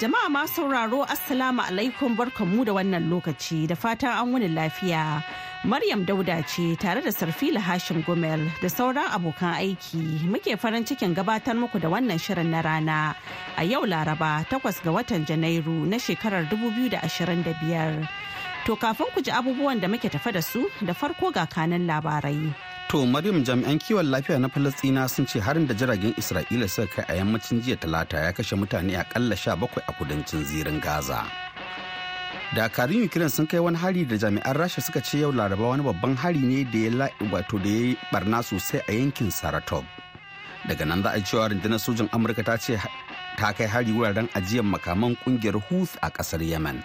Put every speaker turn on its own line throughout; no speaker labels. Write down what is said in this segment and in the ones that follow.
Jama'a ma sauraro Assalamu alaikum barkanmu da wannan lokaci da fatan an wuni lafiya. Maryam Dauda ce tare da Sarfila Hashim Gumel da sauran abokan aiki muke farin cikin gabatar muku da wannan shirin na rana a yau Laraba takwas ga watan Janairu na shekarar 2025. To kafin ku ji abubuwan da muke tafa da su da farko ga kanan labarai.
To Maryam jami'an kiwon lafiya na Falastina sun ce harin da jiragen Isra'ila suka kai a yammacin jiya talata ya kashe mutane akalla bakwai a kudancin zirin Gaza. Dakarun Ukraine sun kai wani hari da jami'an Rasha suka ce yau Laraba wani babban hari ne da ya wato da ya yi barna sosai a yankin Saratov. Daga nan za a cewa rundunar sojin Amurka ta ce ta kai hari wuraren ajiyar makaman kungiyar Houth a kasar Yemen.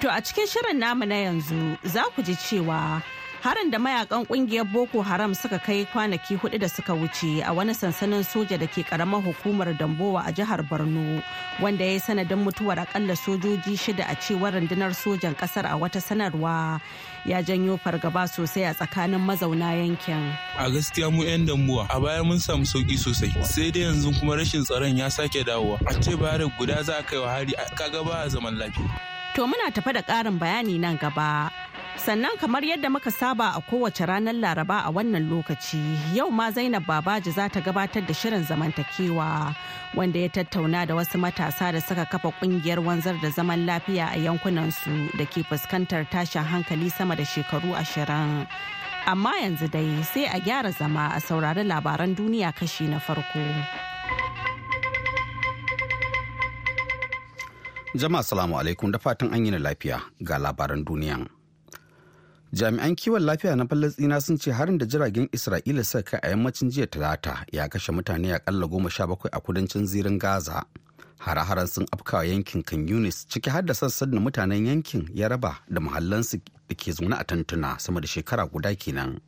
To a cikin shirin namu na yanzu za ku ji cewa harin da mayakan kungiyar boko haram suka kai kwanaki hudu da suka wuce a wani sansanin soja da ke karamar hukumar dambowa a jihar borno wanda ya yi sanadin mutuwar akalla sojoji shida a cewar rundunar sojan kasar a wata sanarwa ya janyo fargaba sosai a tsakanin mazauna yankin
a gaskiya mu 'yan dambuwa, a baya mun samu sauki sosai sai dai yanzu kuma rashin tsaron ya sake dawowa a ce bayar guda za a kai wa hari kaga ba zaman lafiya
to muna tafa da karin bayani nan gaba Sannan kamar yadda muka saba a kowace ranar Laraba a wannan lokaci, yau ma Zainab Babaji za ta gabatar da shirin zamantakewa wanda ya tattauna da wasu matasa da suka kafa kungiyar wanzar da zaman lafiya a yankunansu da ke fuskantar tashin hankali sama da shekaru ashirin. Amma yanzu dai sai a gyara zama a saurari labaran duniya kashi na farko.
Jama'a salamu alaikum da fatan an yi lafiya ga labaran duniya. jami'an kiwon lafiya na falastina sun ce harin da jiragen isra'ila suka kai a yammacin jiya talata ya kashe mutane akalla goma sha bakwai a kudancin zirin gaza hare-haren sun afkawa yankin kan yunis ciki har da sassan da mutanen yankin ya raba da muhallansu da ke zaune a tantuna sama da shekara guda kenan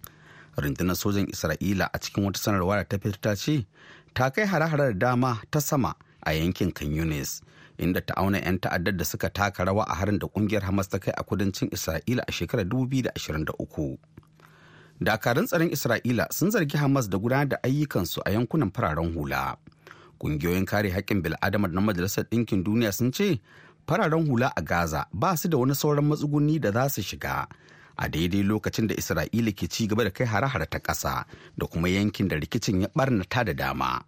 rundunar sojan isra'ila a cikin wata sanarwa da ta fitar ta ce ta kai hare-hare da dama ta sama a yankin kan yunis inda ta auna 'yan ta'addar da suka taka rawa a harin da kungiyar hamas ta kai a kudancin isra'ila a shekarar 2023 dakarun tsaron isra'ila sun zargi hamas da gudanar da ayyukansu a yankunan fararen hula kungiyoyin kare haƙƙin bil'adama na majalisar ɗinkin duniya sun ce fararen hula a gaza ba su da wani sauran matsuguni da za su shiga a daidai lokacin da isra'ila ke ci gaba da kai hare-hare ta ƙasa da kuma yankin da rikicin ya ɓarnata da dama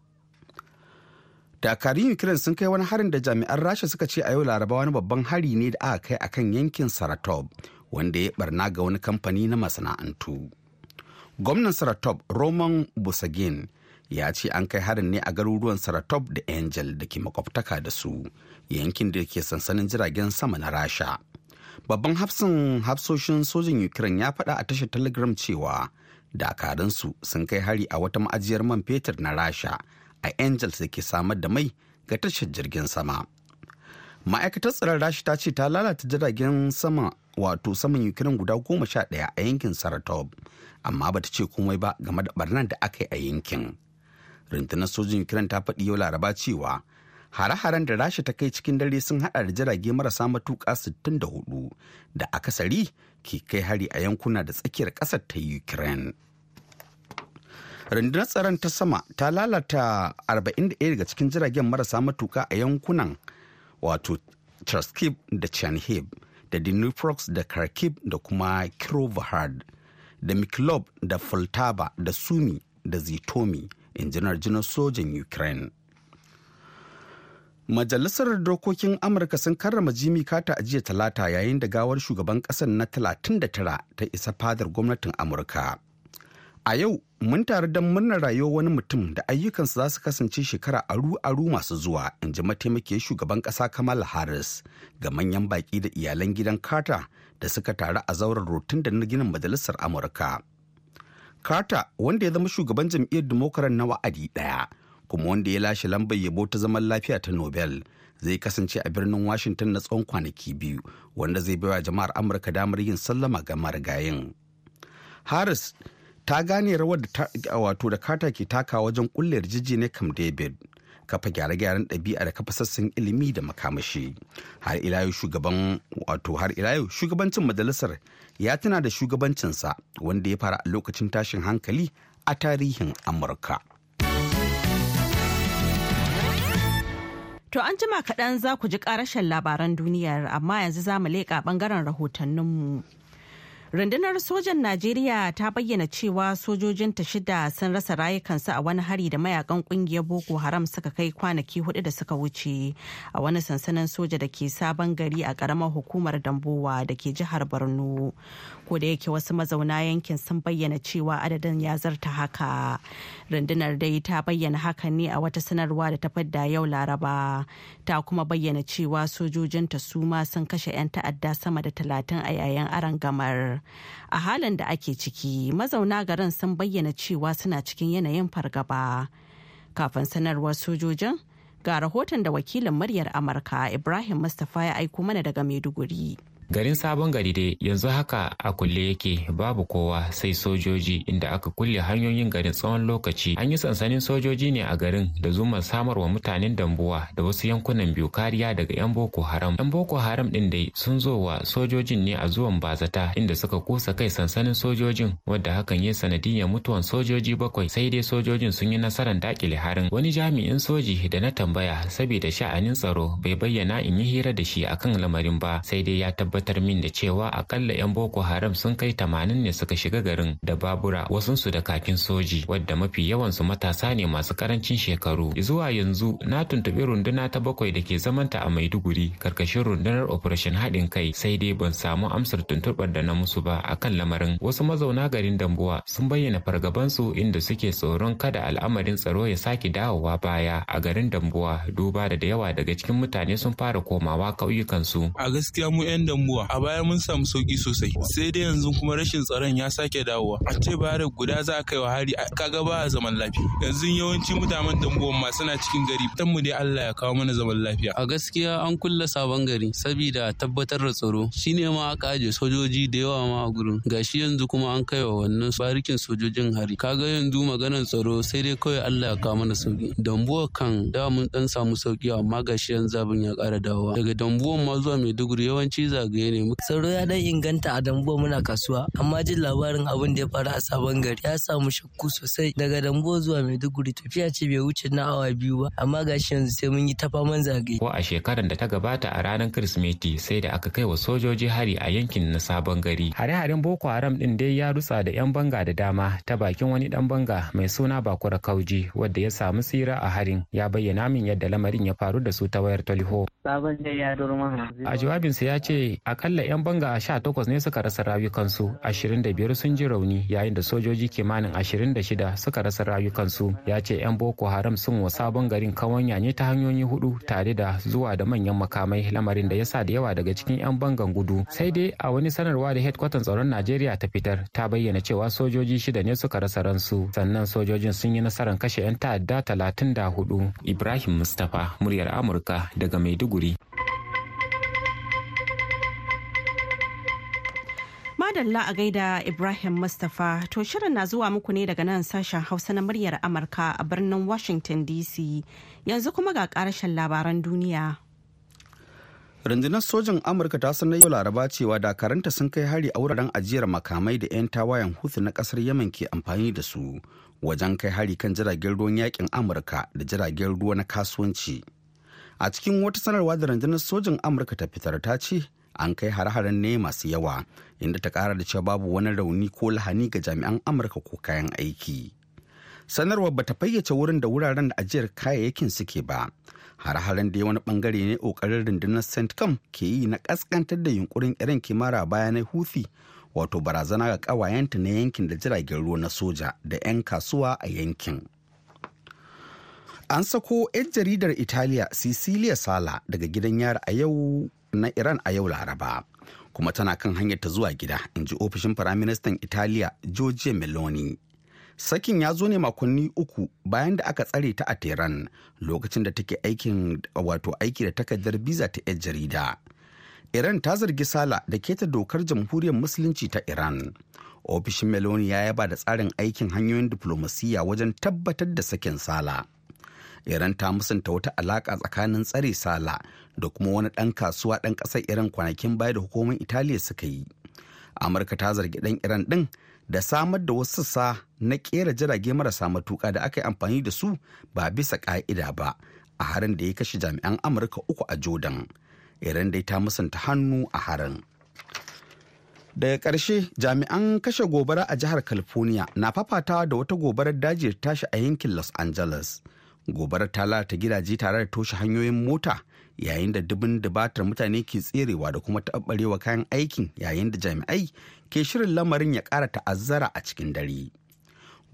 dakarun ukraine sun kai wani harin da jami'an rasha suka ce a yau laraba wani babban hari ne da aka kai akan yankin saratov wanda ya barna ga wani kamfani na masana'antu gwamnan saratov roman busagin ya ce an kai harin ne a garuruwan saratov da angel da ke makwabtaka da su yankin da ke sansanin jiragen sama na rasha babban hafsin hafsoshin sojin ukraine ya faɗa a tashar telegram cewa dakarunsu sun kai hari a wata ma'ajiyar man fetur na rasha a angels da ke samar da mai ga tashar jirgin sama ma'aikatar tsaron rashi ta ce ta lalata jiragen sama wato saman ukraine guda goma sha daya a yankin saratov amma bata ce komai ba game da barnan da aka yi a yankin rundunar sojin ukraine ta faɗi yau laraba cewa hare-haren da Rashi ta kai cikin dare sun hada da jirage marasa matuƙa 64 da akasari ke kai hari a yankuna da tsakiyar ƙasar ta ukraine rundunar tsaron ta sama ta lalata 41 daga cikin jiragen marasa matuka a yankunan wato Traskib da Chernihiv da dinuprox da Kharkiv da kuma Kirovahard da Miklob da Fultaba da Sumi da Zitomi injinar jinar sojan Ukraine. Majalisar Dokokin Amurka sun karrama Jimmy kata a jiya talata yayin da gawar shugaban ƙasar na 39 ta isa fadar gwamnatin Amurka. A yau mun tare don murnar rayuwar wani mutum da ayyukansa za su kasance shekara aru-aru masu zuwa, in ji mataimakiyar shugaban ƙasa Kamal Harris ga manyan baƙi da iyalan gidan Carter da suka taru a zauren rotun da na ginin Majalisar Amurka. Carter wanda ya zama shugaban jam'iyyar demokarar na wa'adi ɗaya, kuma wanda ya lashe lambar yabo ta zaman lafiya ta Nobel, zai kasance a birnin Washington na tsawon kwanaki biyu, wanda zai baiwa jama'ar Amurka damar yin sallama ga marigayin. Harris ta gane rawar da ta wato da kata ke taka wajen kulle ne kam david kafa gyare-gyaren ɗabi'a da kafa sassan ilimi da makamashi har ilayu shugaban wato har ilayu shugabancin majalisar ya tuna da shugabancinsa wanda ya fara a lokacin tashin hankali a tarihin amurka
To an jima kaɗan za ku ji ƙarashin labaran duniyar amma yanzu za mu leƙa ɓangaren rahotanninmu. Rundunar sojan Najeriya ta bayyana cewa sojojinta shida sun rasa rayukansu a wani hari da mayakan kungiyar Boko Haram suka kai kwanaki hudu da suka wuce a wani sansanin soja da ke sabon gari a karamar hukumar Dambowa da ke jihar Borno. Ko da yake wasu mazauna yankin sun bayyana cewa adadin ya zarta haka. Rundunar dai ta bayyana haka ne a wata sanarwa da ta fadda yau Laraba. Ta kuma bayyana cewa sojojinta su ma sun kashe 'yan ta'adda sama da talatin a yayin arangamar. gamar. a halin da ake ciki mazauna garin sun bayyana cewa suna cikin yanayin fargaba kafin sanarwar sojojin ga rahoton da wakilin muryar amurka ibrahim mustapha ya aiko mana daga maiduguri
garin sabon gari dai yanzu haka a kulle yake babu kowa sai sojoji inda aka kulle hanyoyin garin tsawon lokaci an yi sansanin sojoji ne a garin da zuma samarwa mutanen dambuwa da wasu yankunan biyu kariya daga yan boko haram yan boko haram din dai sun zo wa sojojin ne a zuwan bazata inda suka kusa kai sansanin sojojin wadda hakan ya sanadiyyar mutuwan sojoji bakwai sai dai sojojin sun yi nasarar dakile harin wani jami'in soji da na tambaya saboda sha'anin tsaro bai bayyana in yi hira da shi akan lamarin ba sai dai ya tabbata. tabbatar min da cewa akalla 'yan Boko Haram sun kai tamanin ne suka shiga garin da babura wasunsu da kakin soji wadda mafi yawan su matasa ne masu karancin shekaru. Zuwa yanzu na tuntuɓi runduna ta bakwai da ke zamanta a Maiduguri karkashin rundunar Operation Haɗin Kai sai dai ban samu amsar tuntuɓar da na musu ba akan lamarin. Wasu mazauna garin Dambuwa sun bayyana fargabansu inda suke tsoron kada al'amarin tsaro ya sake dawowa baya a garin Dambuwa duba da da yawa daga cikin mutane sun fara komawa ƙauyukansu. A gaskiya mu 'yan Dambuwa damuwa a baya mun samu sauki sosai sai dai yanzu kuma rashin tsaron ya sake dawowa a ce da guda za a kai wa hari kaga ba a zaman lafiya yanzu yawancin mutanen dambuwan ma suna cikin gari dan mu dai Allah ya kawo mana zaman lafiya a gaskiya an kulle sabon gari saboda tabbatar da tsaro shine ma aka aje sojoji da yawa ma a gurin gashi yanzu kuma an kai wa wannan barikin sojojin hari kaga yanzu
maganar tsaro sai dai kawai Allah ya kawo mana sauki dambuwa kan da mun dan samu sauki amma gashi yanzu abin ya kara dawowa daga dambuwan ma zuwa Maiduguri yawanci za gare Sauro ya dan inganta a dambuwa muna kasuwa amma jin labarin abin da ya faru a sabon gari ya samu shakku
sosai daga dambuwa zuwa maiduguri tafiya ce bai wuce na awa biyu ba amma gashi yanzu sai mun yi ta faman
zage. ko a shekarar da ta gabata a ranar kirsimeti sai da aka kai wa sojoji hari a yankin na sabon gari hare-haren boko haram din dai ya rusa da yan banga da dama ta bakin wani dan banga mai suna bakura kauji wadda ya samu tsira a harin ya bayyana min yadda lamarin ya faru da su ta wayar taliho a jawabinsa ya ce akalla 'yan banga 18 ne suka rasa rayukansu Ashirin da biyar sun ji rauni yayin da sojoji kimanin ashirin da shida suka rasa rayukansu ya ce 'yan boko haram sun wa sabon garin kawanya ta hanyoyi hudu tare da zuwa da manyan makamai lamarin da ya sa da yawa daga cikin 'yan bangan gudu sai dai a wani sanarwa da hedkwatan tsaron najeriya ta fitar ta bayyana cewa sojoji shida ne suka rasa ransu sannan sojojin sun yi nasarar kashe 'yan ta'adda talatin da hudu. ibrahim mustapha muryar amurka daga maiduguri
madalla a gaida Ibrahim Mustapha to shirin na zuwa muku ne daga nan sashen Hausa na muryar Amurka a birnin Washington DC yanzu kuma ga karashen labaran duniya.
Rundunar sojin Amurka ta sanar yau laraba cewa dakaranta sun kai hari a wuraren ajiyar makamai da 'yan tawayen Houthi na kasar Yemen ke amfani da su wajen kai hari kan jiragen ruwan yakin Amurka da jiragen ruwa na kasuwanci. A cikin wata sanarwa da rundunar sojin Amurka ta fitar ta ce an kai hare-haren ne masu yawa inda ta kara da cewa babu wani rauni ko lahani ga jami'an amurka ko kayan aiki sanarwar bata fayyace wurin da wuraren da ajiyar kayayyakin suke ba hare-haren da ya wani bangare ne kokarin rundunar centcom ke yi na kaskantar da yunkurin irin kimara bayanai huthi wato barazana ga kawayenta na yankin da jiragen ruwa na soja da 'yan kasuwa a yankin an sako 'yan jaridar italiya cecilia sala daga gidan yara a yau na Iran a yau Laraba. Kuma tana kan hanyar ta zuwa gida, in ji ofishin Firaministan Italiya Giorgia Meloni. Sakin ya zo ne makonni uku bayan da aka tsare ta a Tehran lokacin da take aikin wato aiki da takardar biza ta 'yan jarida. Iran ta zargi Sala da keta dokar jamhuriyar musulunci ta Iran. Ofishin Meloni ya yaba da tsarin aikin hanyoyin diflomasiyya wajen tabbatar da sakin Sala. iran ta musanta wata alaka tsakanin tsare sala da kuma wani ɗan kasuwa ɗan ƙasar iran kwanakin baya da hukumomin italiya suka yi amurka ta zargi ɗan iran ɗin da samar da wasu sa na ƙera jirage marasa matuƙa da aka yi amfani da su ba bisa ƙa'ida ba a harin da ya kashe jami'an amurka uku a jordan iran dai ta musanta hannu a harin daga ƙarshe jami'an kashe gobara a jihar california na fafatawa da wata gobarar daji ta tashi a yankin los angeles gobarar ta lalata gidaje tare da toshe hanyoyin mota yayin da dubin dubatar mutane ke tserewa da kuma taɓarewa kayan aikin yayin da jami'ai ke shirin lamarin ya ƙara ta'azzara a cikin dare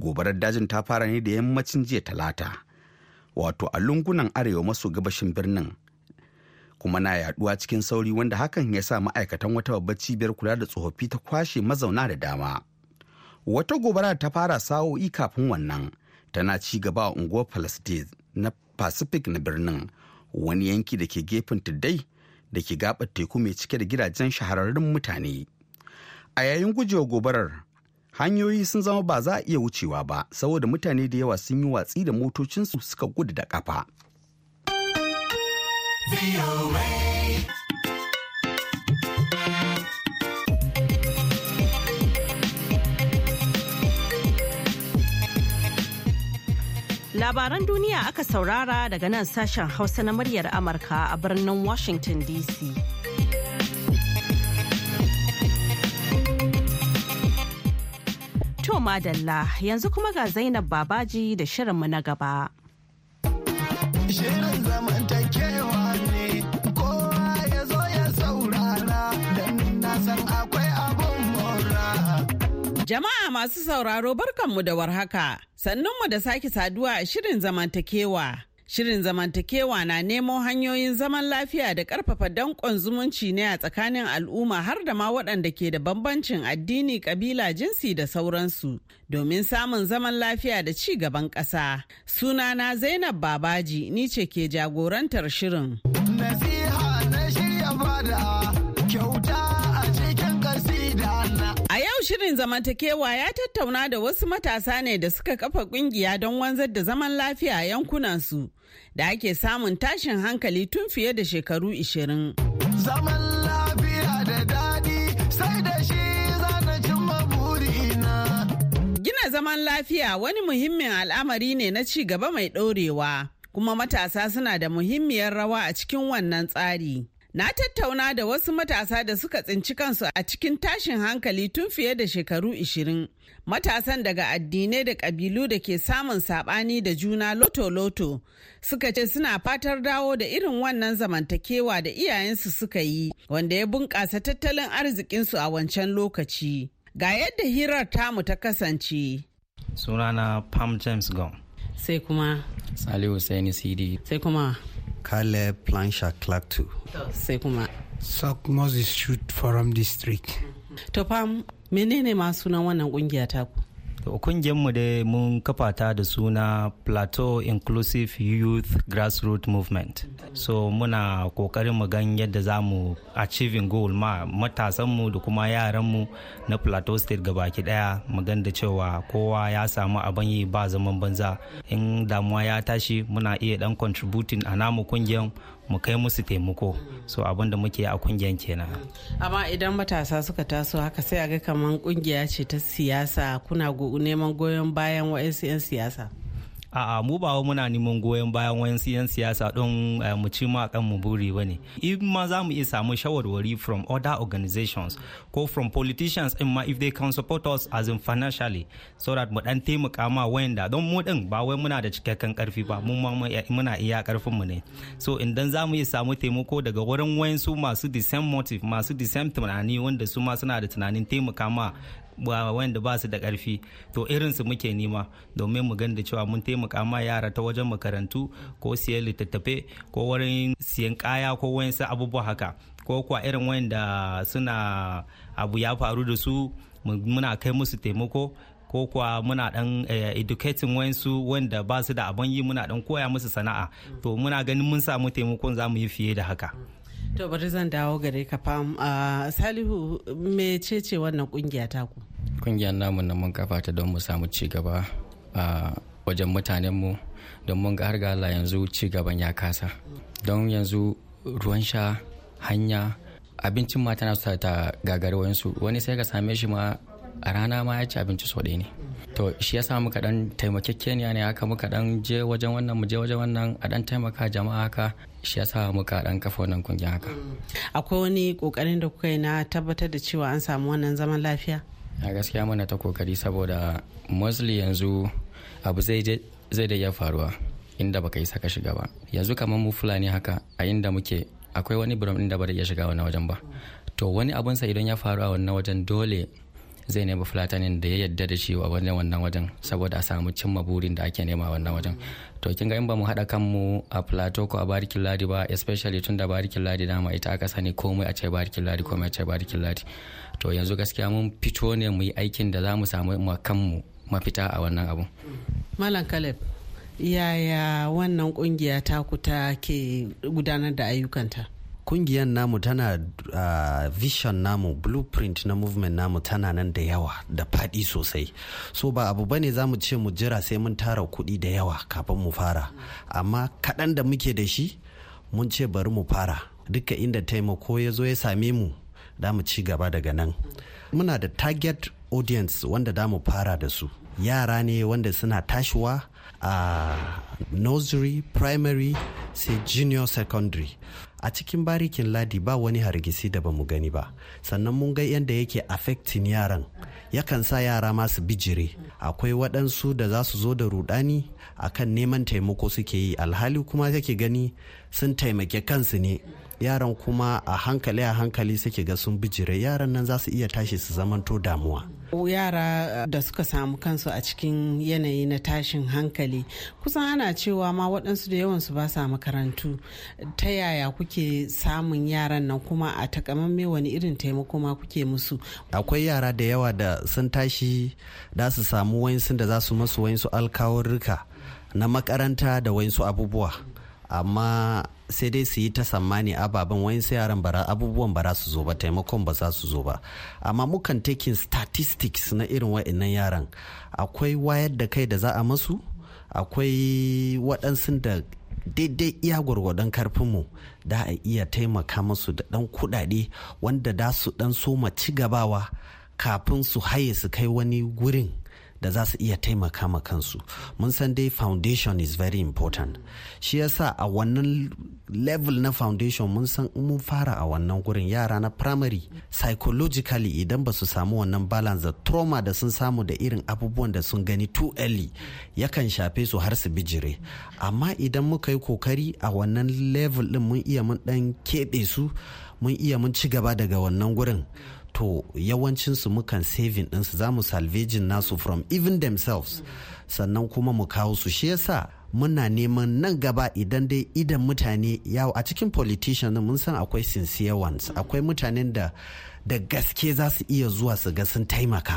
gobarar dajin ta fara ne da yammacin jiya talata wato a lungunan arewa maso gabashin birnin kuma na yaduwa cikin sauri wanda hakan ya sa ma'aikatan wata babbar cibiyar kula da tsofaffi ta kwashe mazauna da dama wata gobara ta fara sa'o'i kafin wannan tana ci gaba a unguwar palestine na pacific na birnin wani yanki da ke gefen tuddai da ke gabar teku mai cike da gidajen shahararrun mutane a yayin gujewa gobarar hanyoyi sun zama ba za a iya wucewa ba saboda mutane da yawa sun yi watsi da motocinsu suka gudu da kafa.
Labaran duniya aka saurara daga nan sashen Hausa na muryar Amurka a birnin Washington DC. To madalla yanzu kuma ga Zainab Babaji da shirinmu na gaba.
Jama'a masu sauraro barkanmu da warhaka, sannunmu da sake saduwa a shirin zamantakewa. Shirin zamantakewa na nemo hanyoyin zaman lafiya da ƙarfafa danƙon zumunci ne a tsakanin al'umma har da ma waɗanda ke da bambancin addini, ƙabila, jinsi da sauransu domin samun zaman lafiya da ci gaban ƙasa. Sunana Zainab Babaji ni ce ke jagorantar shirin.
Nasiha na shirya fada.
shirin zamantakewa ya tattauna da wasu matasa ne da suka kafa kungiya don wanzar da zaman lafiya a yankunansu da ake samun tashin hankali tun fiye da shekaru 20.
Zaman da daɗi sai
da shi
Gina zaman lafiya wani muhimmin al'amari ne na ci gaba mai ɗorewa, kuma matasa suna da muhimmiyar rawa a cikin wannan tsari. Na tattauna da wasu matasa da suka tsinci kansu a cikin tashin hankali tun fiye da shekaru 20. Matasan daga addinai da ƙabilu da ke samun saɓani da juna loto-loto suka ce suna fatar dawo da irin wannan zamantakewa da iyayensu suka yi wanda ya bunƙasa tattalin arzikinsu a wancan lokaci. Ga yadda hirar tamu ta kasance.
Sunana Pam James Gong. Sai kuma. Salihu Saini Sai kuma. Caleb
plancha Clark
Sai kuma. South Moses Shoot Forum District. Mm-hmm.
To fam menene ma sunan wannan kungiya taku? mu dai mun
kafa ta da suna plateau inclusive youth grassroots movement so muna kokarin mu gan yadda za mu achieving goal ma matasanmu da kuma yaranmu na plateau state gabaki daya mu gan da cewa kowa ya samu abin yi ba zaman banza in damuwa ya tashi muna iya dan contributing a namu kungiyar mu kai musu taimako so abin da muke a ƙungiyar kenan
amma idan matasa suka taso haka sai a ga kamar kungiya ce ta siyasa kuna neman goyon bayan wa'ansu 'yan siyasa
a'a mu ba muna neman goyon bayan wayansu 'yan siyasa don eh, mu ci ma kan mu buri bane ne in ma za mu iya samu shawarwari from other organizations ko from politicians in ma if they can support us as in financially so that mu dan taimaka ma wayanda don mu din ba wai muna da cikakken karfi ba mu ma muna iya karfin mu ne so in dan za mu iya samu taimako daga wurin wayansu masu the same motive masu the same tunani wanda su ma suna da tunanin taimaka ma wanda ba su da karfi to irin su muke nema domin mu da cewa mun taimaka ma yara ta wajen makarantu ko siyan littattafe ko wurin siyan kaya ko wayansu abubuwa haka ko kuwa irin wayanda suna abu ya faru da su muna kai musu taimako ko kuwa muna dan eh, educating wayansu wanda ba su da abin yi muna dan koya musu sana'a to muna ganin mun samu taimakon
za mu yi fiye da haka.
To bari zan dawo gare ka fam a ah, Salihu me ce wannan kungiya ta ku?
Kungiyar namu nan mun kafa ta don mu samu ci gaba a ah, wajen mutanen mu don mun ga har ga Allah yanzu ci gaban ya kasa. Don yanzu ruwan sha hanya abincin ma tana sa ta gagari wainsu wani sai ka same shi ma a rana ma ya ci abinci so ne to shi yasa muka dan taimakekeniya ne haka muka dan je wajen wannan mu je wajen wannan a dan taimaka jama'a haka shi ya sa muka dan kafa wannan kungiyar haka
akwai wani kokarin da kuka yi na tabbatar da cewa an samu wannan zaman lafiya
a gaskiya muna ta kokari saboda mostly yanzu abu zai da ya faruwa inda baka isa ka shiga ba yanzu kamar mu fulani haka a inda muke akwai wani biram inda ba da iya shiga wannan wajen ba to wani abun sa idan ya faru a wannan wajen dole zai nemi fulatanin da ya yadda da shi a wannan wajen saboda a samu cimma burin da ake nema wannan wajen to kin ga in ba mu haɗa kanmu a plateau ko a barikin ladi ba especially tun da barikin ladi dama ita aka sani komai a ce barikin ladi komai a ce barikin ladi to yanzu gaskiya mun fito ne mu yi aikin da za mu samu ma kanmu mafita a wannan abu.
malam kaleb yaya wannan kungiya ta ku ta ke gudanar
da ayyukanta kungiyar namu tana uh, vision namu blueprint na movement namu tana nan da yawa da faɗi sosai so ba abu bane za mu ce mu jira sai mun tara kuɗi da yawa kafin mu fara amma kaɗan da muke da shi mun ce bari mu fara duka inda taimako ya zo ya same mu da mu ci gaba daga nan muna da target audience wanda da mu fara da su yara ne wanda suna tashiwa a nursery primary sai junior secondary a cikin barikin ladi ba wani hargitsi da ba mu gani ba sannan mun ga yadda yake affecting yaran yakan sa yara masu bijire akwai waɗansu da za su zo da rudani akan neman taimako suke yi alhali kuma yake gani sun taimake kansu ne yaran kuma a hankali a hankali suke ga sun bijire yaran nan za su iya tashi su zamanto damuwa
yara da suka samu kansu a cikin yanayi na tashin hankali kusan ana cewa ma waɗansu da yawansu ba sa makarantu ta
yaya kuke samun yaran nan kuma a takamamme wani irin taimako ma kuke musu akwai yara da yawa da sun tashi da su samu wayansu da za su masu wayansu alkawarruka na makaranta da wayansu abubuwa amma sai dai su yi ta sammani ababen wayan sai yaran bara abubuwan bara su zo ba taimakon ba za su zo ba amma mukan takin statistics na irin wa'annan yaran akwai wayar da kai da za a masu akwai waɗansu da daidai iya gwargwadon karfinmu da a iya taimaka masu da ɗan kuɗaɗe wanda da su ɗan soma ci gabawa kafin su haye su kai wani gurin da za su iya taimaka ma kansu mun san dai foundation is very important shi yasa a wannan level na foundation mun san mun fara a wannan gurin yara na primary psychologically idan ba su samu wannan balance da trauma da sun samu da irin abubuwan da sun gani too early yakan shafe su har su bijire amma idan muka yi kokari a wannan level din mun iya mun dan keɓe su mun iya mun ci gaba daga wannan gurin to yawancinsu mukan saving ɗinsu za mu salvaging nasu from even themselves sannan kuma mu kawo su shi yasa muna neman nan gaba idan dai idan mutane yawo a cikin politician mun san akwai sincere ones akwai mutanen da da gaske za su iya zuwa su ga sun taimaka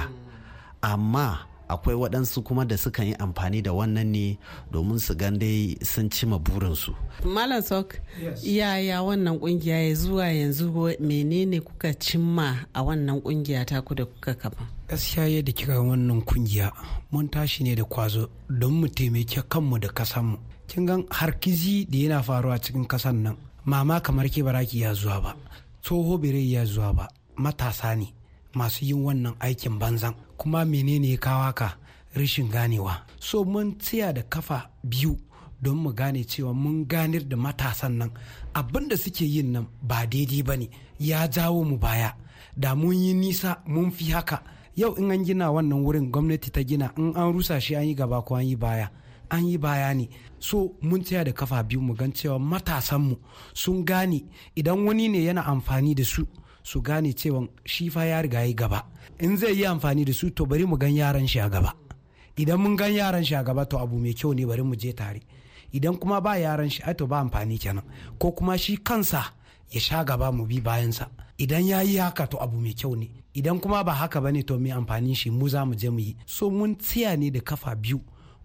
amma akwai waɗansu kuma da suka yi amfani da wannan ne domin su gan dai sun cima burinsu.
Malam Sok, yaya wannan kungiya ya zuwa yanzu menene kuka cimma a wannan kungiya
ta ku da kuka kafa? Gaskiya yadda kira wannan kungiya mun tashi ne da kwazo don mu taimake kanmu da kasanmu. Kin gan harkizi da yana faruwa cikin kasan nan, mama kamar ke baraki ya zuwa ba, tsoho bere ya zuwa ba, matasa ne. masu yin wannan aikin banzan kuma menene ya kawo ka rashin ganewa so mun tsaya da kafa biyu don mu gane cewa mun ganar da matasan nan abin da suke yin nan ba daidai ba ne ya jawo mu baya da mun yi nisa mun fi haka yau in an gina wannan wurin gwamnati ta gina in an rusa shi an yi gaba ko an yi baya an yi baya ne so mun tsaya da kafa biyu mu gan cewa matasanmu sun gane idan wani ne yana amfani da su su gane cewa shi fa ya riga yi gaba in zai yi amfani da su to bari mu gan yaran shi a gaba idan mun gan yaran shi a gaba to abu mai kyau ne bari mu je tare idan kuma ba yaran shi ai to ba amfani kenan ko kuma shi kansa ya sha gaba mu bi bayansa idan ya yi haka to abu mai kyau ne idan kuma ba haka ba ne to mai amfanin shi mu za mu je mu yi so mun tsiya ne da kafa biyu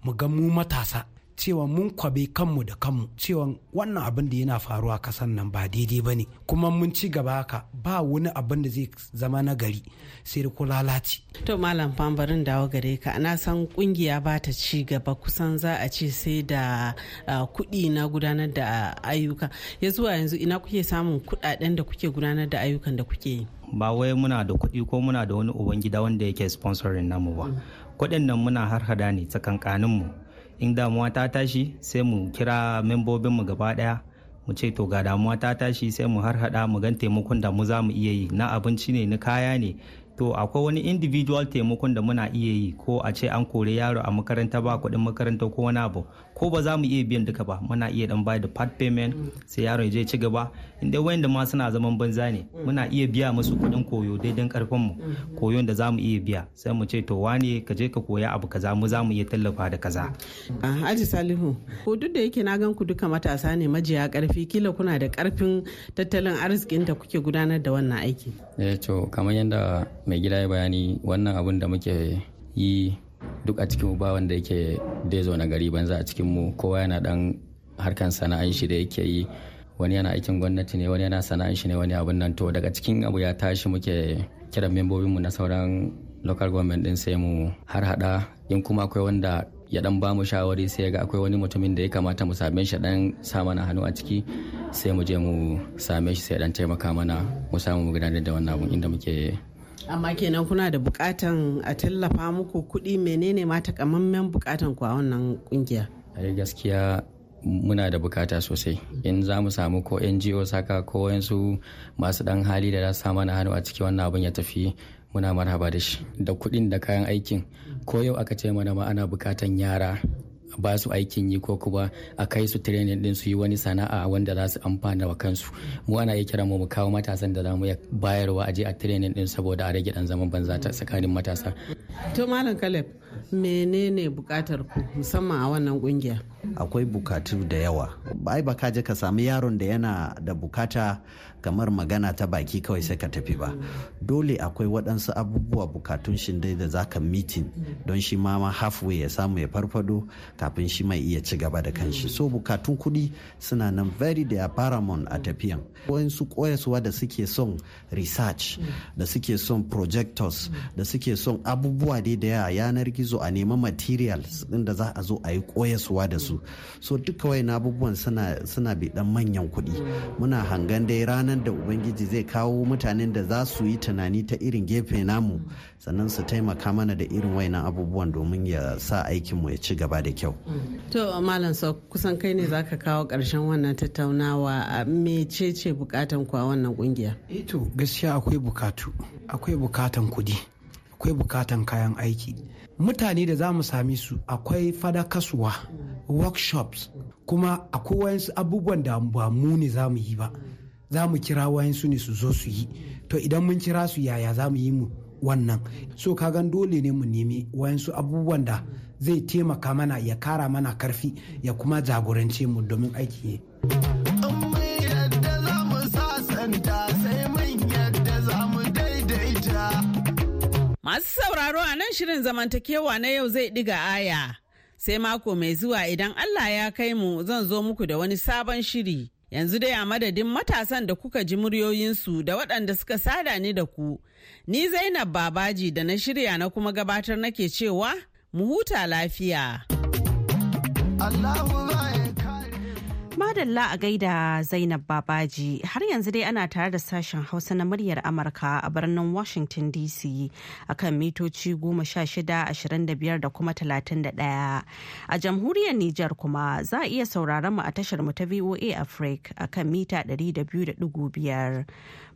mu ga mu matasa cewa mun kwabe kanmu da kanmu cewa wannan abin da yana faruwa kasan nan ba daidai ba ne kuma mun ci gaba haka ba wani abin da zai zama na gari sai da ko lalace.
to malam fambarin dawo gare ka na san kungiya ba ta ci gaba kusan za a ce sai da kuɗi na gudanar da ayyuka ya zuwa yanzu ina kuke samun kuɗaɗen da kuke gudanar da ayyukan da kuke yi.
ba wai muna da kuɗi ko muna da wani ubangida wanda yake sponsorin namu ba mm. kuɗin nan muna harhada ne ta tsakankaninmu in damuwa ta tashi sai mu kira membobinmu gaba daya mu ce to ga damuwa ta tashi sai mu har hada mu gan taimakon da mu za mu iya yi na abinci ne na kaya ne to akwai wani individual taimakon da muna iya yi ko a ce an kore yaro a makaranta ba kuɗin makaranta ko wani abu ko ba za mu iya biyan duka ba muna iya dan bayar da part payment sai yaro ya je ci gaba inda wayanda ma suna zaman banza ne muna iya biya musu kuɗin koyo daidan karfin mu koyon da za mu iya biya sai mu ce to wane ka je ka koya abu kaza mu za mu iya tallafa da kaza
ah,
Haji Salihu ko duk da yake na gan ku duka matasa ne majiya karfi kila kuna da karfin tattalin arzikin da kuke gudanar da wannan aiki
eh to kamar yadda mai gida ya bayani wannan abin da muke yi duk a cikin ba wanda yake dai zaune gari banza a cikin mu kowa yana dan harkan sana'an shi da yake yi wani yana aikin gwamnati ne wani yana sana'an shi ne wani abin nan to daga cikin abu ya tashi muke kiran membobin mu na sauran local government din sai mu har hada in kuma akwai wanda ya dan bamu shawari sai ga akwai wani mutumin da ya kamata mu same shi dan sa mana hannu a ciki sai mu je mu same shi sai dan taimaka mana mu samu mu gudanar da wannan abun inda muke
amma kenan kuna da bukatan a tallafa muku kuɗi menene ma takamammen bukatan ku a wannan kungiya
gaskiya muna da bukata sosai in za mu samu ko ngo saka ko yansu masu dan hali da za su mana hannu a ciki wannan abin ya tafi muna marhaba da shi da kuɗin da kayan aikin ko yau aka ce mana ma ana bukatan yara ba su aikin yi ko kuma a kai su training din su yi wani sana'a wanda za su amfana wa kansu mu ana yi kiran mu mu kawo matasan da za mu bayarwa a je a training din saboda a rage dan zaman banza ta tsakanin matasa
to malam Caleb menene bukatar ku musamman
a wannan kungiya akwai bukatu da yawa ai ba ka je ka samu yaron da yana da bukata kamar magana ta baki kawai sai ka tafi ba dole akwai waɗansu abubuwa bukatun shi dai za ka mitin don shi ma ma halfway ya samu ya farfado kafin shi mai iya ci gaba da kanshi so bukatun kuɗi suna nan very da paramount a tafiyan wayansu koyaswa da suke son research da suke son projectors da suke son abubuwa dai da yanar gizo a nema materials da za a zo a yi koyaswa da su so duka wayan abubuwan suna suna bi dan manyan kuɗi muna hangan dai ranar ranar da ubangiji zai kawo mutanen da za su yi tunani ta irin gefe namu sannan su taimaka mana da irin wainan abubuwan domin ya sa aikinmu ya ci gaba da kyau
to malam sa kusan kai ne za ka kawo ƙarshen wannan tattaunawa
mecece bukatan ku a wannan kungiya eh to gaskiya akwai bukatu akwai bukatan kudi akwai bukatan kayan aiki mutane da za mu sami su akwai fadakaswa workshops kuma akwai wayansu abubuwan da ba mu ne za mu yi ba za mu kira wayansu ne su zo su yi to idan mun kira su yaya za mu yi mu wannan so kagan dole ne mu nemi wayansu abubuwan da zai taimaka mana ya kara mana karfi ya kuma jagorance mu domin aiki
Masu sauraro a nan shirin zamantakewa na yau zai ɗiga aya, sai mako mai zuwa idan Allah ya kai mu zan zo muku da wani sabon shiri. Yanzu dai a madadin matasan da kuka ji muryoyinsu da waɗanda suka sada ni da ku, ni Zainab Babaji da na shirya na kuma gabatar nake cewa mu huta lafiya. Madalla a gaida Zainab
Babaji har yanzu dai ana tare da sashen Hausa na muryar Amurka a birnin Washington DC akan mitoci goma sha shida, ashirin da biyar, da kuma talatin da 31. A jamhuriyar Nijar kuma za a iya sauraron mu a tashar mu ta VOA Africa kan mita da da biyar.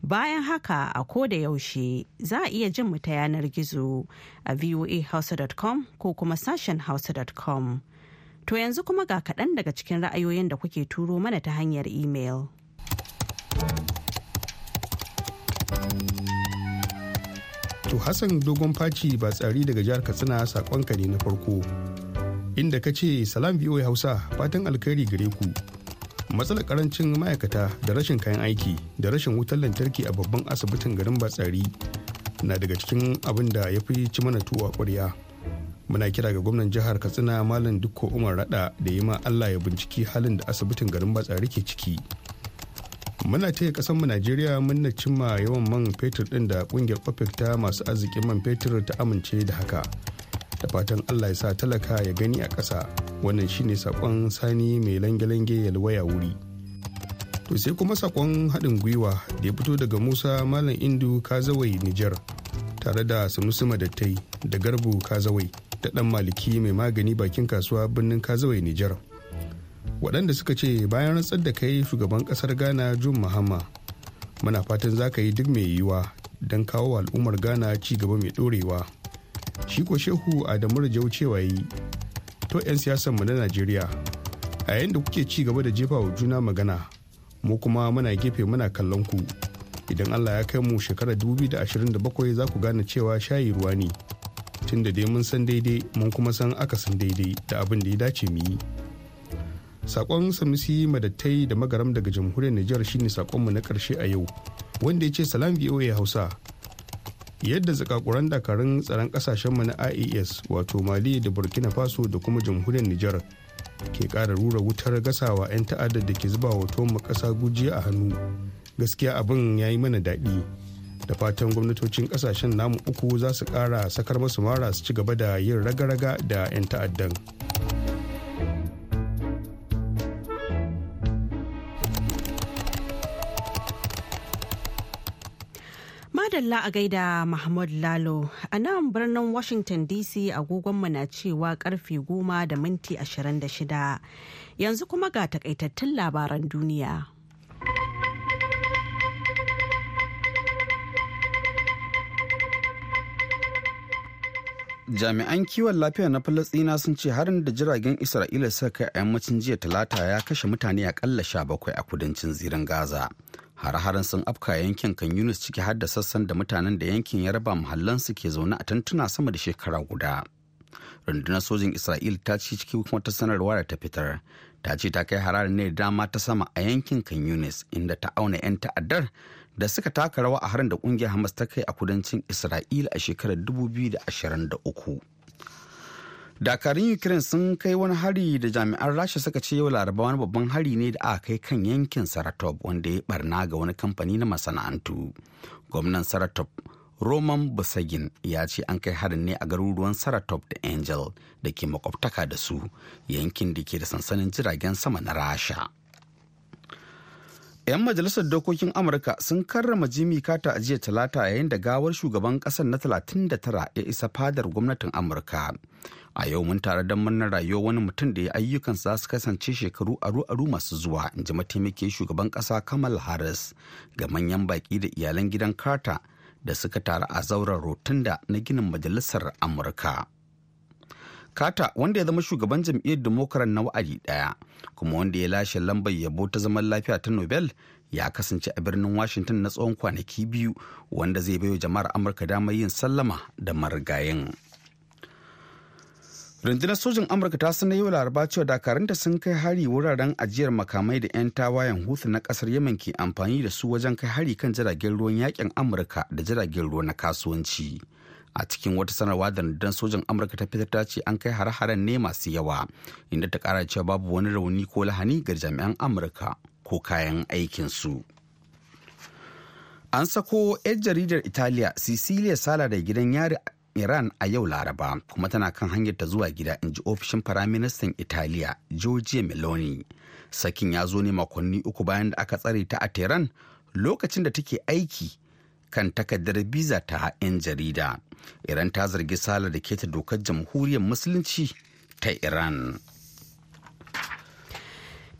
Bayan haka a ko da yaushe za a iya jin mu ta yanar gizo a voahausa.com ko kuma sashen hausa.com. To yanzu kuma ga kaɗan daga cikin ra'ayoyin da kuke turo mana ta hanyar imel.
To
Hassan dogon faci ba tsari daga jihar Katsina saƙonka ne na farko. Inda ka ce salam biyo Hausa fatan alkhairi gare ku. Matsalar karancin ma'aikata da rashin kayan aiki da rashin wutar lantarki a babban asibitin garin Batsari na daga cikin abin da ya fi ci mana tuwo a ƙwarya. muna kira ga gwamnan jihar katsina malam dukko umar rada da yi ma allah ya binciki halin da asibitin garin batsari ke ciki muna taya kasanmu najeriya muna cimma yawan man fetur din da kungiyar opec ta masu arzikin man fetur ta amince da haka da fatan allah ya sa talaka ya gani a ƙasa wannan shine sakon sani mai lange-lange ya waya wuri to sai kuma sakon haɗin gwiwa da ya fito daga musa malam indu kazawai nijar tare da sanusi dattai da garbu kazawai ta dan maliki mai magani bakin kasuwa birnin kazawai nijar waɗanda suka ce bayan rantsar da kai shugaban ƙasar ghana john mahama muna fatan za ka yi duk mai yiwa don kawo al'ummar ghana ci gaba mai ɗorewa shi ko shehu adamu rajau cewa yi to 'yan siyasan mu na najeriya a yayin da kuke ci gaba da jefa wa juna magana mu kuma muna gefe muna kallon ku idan allah ya kai mu shekarar 2027 za ku gane cewa shayi ruwa ne tun da dai mun san daidai mun kuma san akasin daidai da abin da ya dace mu yi sakon samisi madattai da magaram daga jamhuriyar nijar shine sakonmu na ƙarshe a yau wanda ya ce salam voa hausa yadda zakakuran dakarun tsaron kasashenmu na ias wato mali da burkina faso da kuma jamhuriyar nijar ke ƙara rura wutar gasawa 'yan ta'addar da ke zuba wa tuwon ƙasa gujiya a hannu gaskiya abin ya yi mana daɗi da fatan gwamnatocin kasashen namu uku za su kara sakar masu mara su ci gaba da yin raga-raga da 'yan ta'addan
madalla a gaida mahmud lalo a nan birnin washington dc agogonmu na cewa karfe 10 da minti 26 yanzu kuma ga takaitattun labaran duniya
jami'an kiwon lafiya na falastina sun ce harin da jiragen isra'ila suka kai a yammacin jiya talata ya kashe mutane akalla sha bakwai a kudancin zirin gaza har harin sun afka yankin kan yunus ciki har da sassan da mutanen da yankin ya raba muhallansu ke zaune a tantuna sama da shekara guda rundunar sojin isra'il ta ci ciki kuma ta sanarwa da ta fitar ta ce ta kai hararin ne dama ta sama a yankin kan yunus inda ta auna 'yan ta'addar da suka taka rawa a harin da kungiyar hamas ta kai a kudancin isra'ila a shekarar 2023 dakarun ukraine sun kai wani hari da jami'an rasha suka ce yau laraba wani babban hari ne da aka kai kan yankin saratov wanda ya barna ga wani kamfani na masana'antu gwamnan saratov roman busagin ya ce an kai harin ne a garuruwan saratov da angel da ke makwabtaka da su yankin da ke da sansanin jiragen sama na rasha 'Yan majalisar dokokin Amurka sun karrama Jimmy Carter a jiya talata yayin da gawar shugaban kasar na 39 ya isa fadar gwamnatin Amurka. A yau mun tare don murnar rayuwar wani mutum da ya ayyukan za su kasance shekaru aru-aru masu zuwa, in ji mataimakin shugaban kasa Kamal Harris ga manyan baki da iyalan gidan Carter da suka taru a zauren rotunda na ginin majalisar Amurka. Carter wanda ya zama shugaban jam'iyyar Democrat na wa'adi daya kuma wanda ya lashe lambar yabo ta zaman lafiya ta Nobel ya kasance a birnin Washington na tsawon kwanaki biyu wanda zai baiwa jama'ar Amurka damar yin sallama da marigayin. rundunar sojin amurka ta sanar yau laraba cewa dakarunta sun kai hari wuraren ajiyar makamai da 'yan tawayen hutu na kasar yemen ke amfani da su wajen kai hari kan jiragen ruwan yakin amurka da jiragen ruwa na kasuwanci a cikin wata sanarwa da dan sojan amurka ta fitar ta ce an kai hare-haren ne masu yawa inda ta kara cewa babu wani rauni ko lahani ga jami'an amurka ko kayan aikinsu an sako 'yan jaridar italiya cecilia sala da gidan yari iran a yau laraba kuma tana kan hanyar ta zuwa gida in ji ofishin firaministan italiya georgia meloni sakin ya zo ne makonni uku bayan da aka tsare ta a tehran lokacin da take aiki kan takardar biza ta 'yan jarida iran ta zargi sala da keta dokar jamhuriyar musulunci ta iran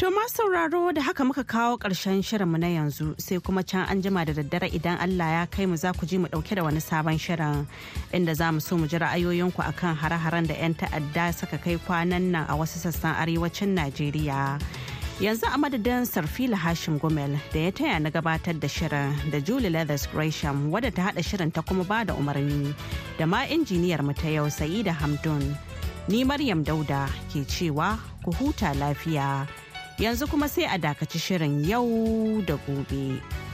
To ma sauraro da haka muka kawo ƙarshen shirinmu na yanzu sai kuma can an jima da daddare idan Allah ya kai mu za ku ji mu ɗauke da wani sabon shirin inda za mu so mu ji ra'ayoyinku akan hare-haren da 'yan ta'adda suka kai kwanan nan a wasu sassan arewacin Najeriya. yanzu a madadin sarfila hashim gomel da ya taya na gabatar da shirin da julie leathers gresham wadda ta hada shirin ta kuma bada umarni da ma injiniyar mu ta yau sa'ida hamdun ni maryam dauda ke cewa ku huta lafiya yanzu kuma sai a dakaci shirin yau da gobe.